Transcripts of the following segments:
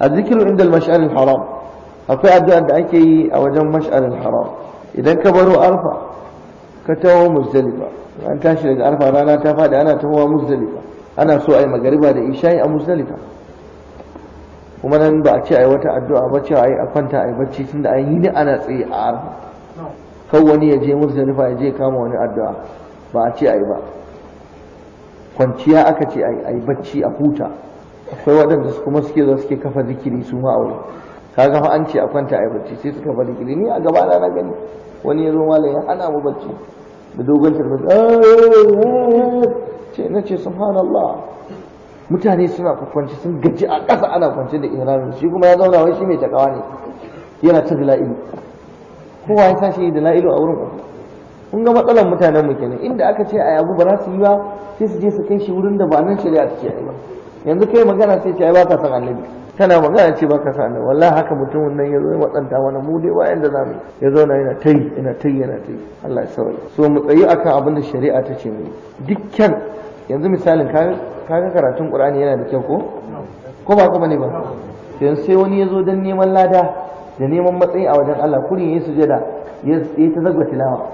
azzikiru inda al haram akwai addu'ar da ake yi a wajen mash'aril haram idan ka baro arfa ka taho muzdalifa an tashi daga arfa rana ta faɗi ana tahowa muzdalifa ana so a yi magariba da isha'i a muzdalifa kuma nan ba a ce a yi wata addu'a ba ce a yi a kwanta a yi bacci tun da ni ana tsaye a arfa wani ya je ya je kama wani addu'a ba a ce a yi ba kwanciya aka ce a yi bacci a huta akwai waɗanda kuma suke zuwa suke kafa zikiri su ma aure kaga fa an ce a kwanta a bacci sai suka kafa zikiri ni a gaba na gani wani ya zo malam ya hana mu bacci da dogon tarbi ce eh, eh, eh. na ce subhanallah mutane suna kwakwanci sun gaji a ƙasa ana kwance da ihramin shi kuma ya zauna wai shi mai takawa ne yana ta dala'ilu kowa ya sashi da la'ilu a wurin ku kun ga matsalar mutanen mu kenan inda aka ce a yabu ba za su yi ba sai su je su kai shi wurin da ba nan shari'a take yi ba yanzu kai magana sai ce ai baka san annabi kana magana ce baka san annabi wallahi haka mutumin nan yazo ya watsanta wani mu dai bayan da zamu yazo na yana ta'i, yana ta'i yana ta'i. Allah ya sauya so mu tsayi akan abin da shari'a ta ce mu dukkan yanzu misalin ka ga karatun Qur'ani yana da kyau ko ko ba kuma ne ba yanzu sai wani yazo zo don neman lada da neman matsayi a wajen Allah kurin ya sujada ya ta zagwa tilawa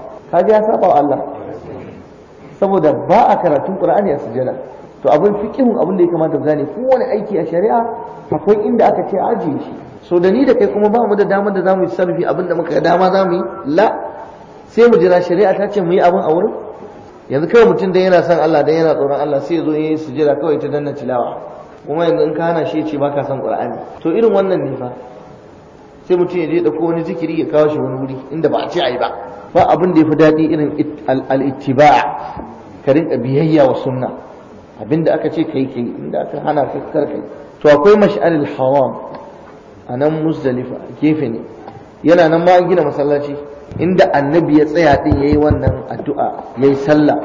ji ya saba Allah saboda ba a karatun Qur'ani a sujada to abin fiqihun abin da ya kamata gane kowane aiki a shari'a akwai inda aka ce ajiye shi so da ni da kai kuma ba mu da damar da zamu yi sarfi abin da muka ga dama zamu yi la sai mu jira shari'a ta ce mu yi abin a wurin yanzu kawai mutum dan yana son Allah dan yana tsoron Allah sai ya zo su sujjada kawai ta danna tilawa kuma yanzu in ka hana shi ce baka son Qur'ani to irin wannan ne fa sai mutum ya je da wani zikiri ya kawo shi wani wuri inda ba a ce ayi ba ba abin da ya fi daɗi irin al-ittiba ka rinka biyayya wa sunna abinda aka ce kai kai inda aka hana ka kar kai to akwai mash'alil haram a nan muzdalifa gefe ne yana nan ma gina masallaci inda annabi ya tsaya din yayi wannan addu'a yayi sallah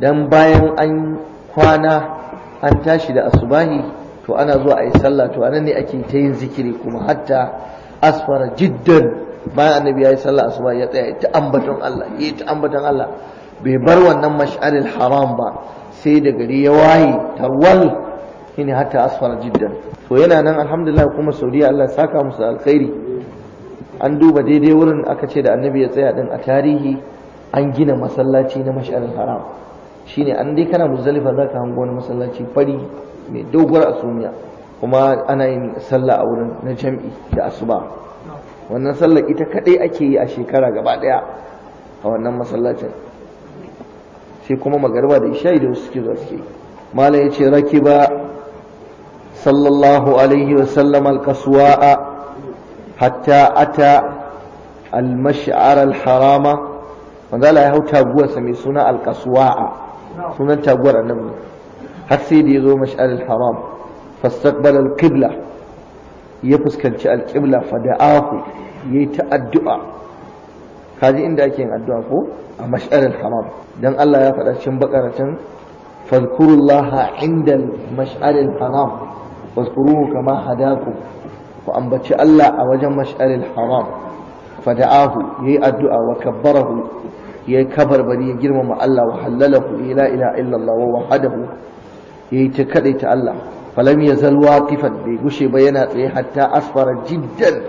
dan bayan an kwana an tashi da asubahi to ana zuwa ayi sallah to anan ne ake ta yin zikiri kuma hatta asfara jiddan bayan annabi yayi sallah asubahi ya tsaya ta ambaton Allah yayi ta ambaton Allah bai bar wannan mash'alil haram ba sai da gari ya waye tarwal shine hatta asfar jiddan to yana nan alhamdulillah kuma saudiya Allah saka musu alkhairi an duba daidai wurin aka ce da annabi ya tsaya din a tarihi an gina masallaci na mashalin haram shine an dai kana za ka hango wani masallaci fari mai doguwar asumiya kuma ana yin sallah a wurin na jam'i da asuba wannan sallar ita kadai ake yi a shekara gaba daya a wannan masallacin sai kuma magariba da isha'i da wasu suke zuwa suke malam ya ce rakiba sallallahu alaihi wa sallam alkaswa'a hatta ata almash'ar alharama manzo Allah ya hau taguwarsa mai suna alkaswa'a sunan taguwar annabi har sai da ya zo mash'ar alharam fastaqbala alqibla ya fuskanci alqibla fa da'ahu yayi ta addu'a kaji inda ake yin addu'a ko a mash'aril haram dan Allah ya faɗa cikin bakaratin fadhkurullaha inda mash'aril haram wazkuruhu kama hadaku ku ambaci Allah a wajen mash'aril haram fada'ahu yayi addu'a wa kabbarahu yayi kabarbari ya girmama Allah wa hallalahu la ilaha illallah wa wahdahu yayi ta kadaita Allah falam yazal waqifan bai gushe ba yana tsaye hatta asfara jiddan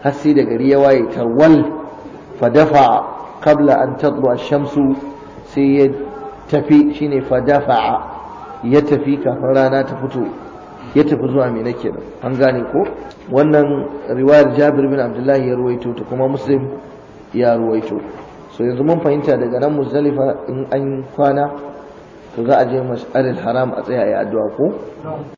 har sai da gari ya waye tarwal fadafa kabla an a shamsu sai ya tafi shine fadafa ya tafi kafin rana ta fito ya tafi zuwa mina kenan an gane ko wannan riwayar Jabir bin Abdullahi ya ruwaito ta kuma Muslim ya ruwaito so yanzu mun fahimta daga nan Muzdalifa in an kwana to za a je Mas'alil Haram a tsaya yi addu'a ko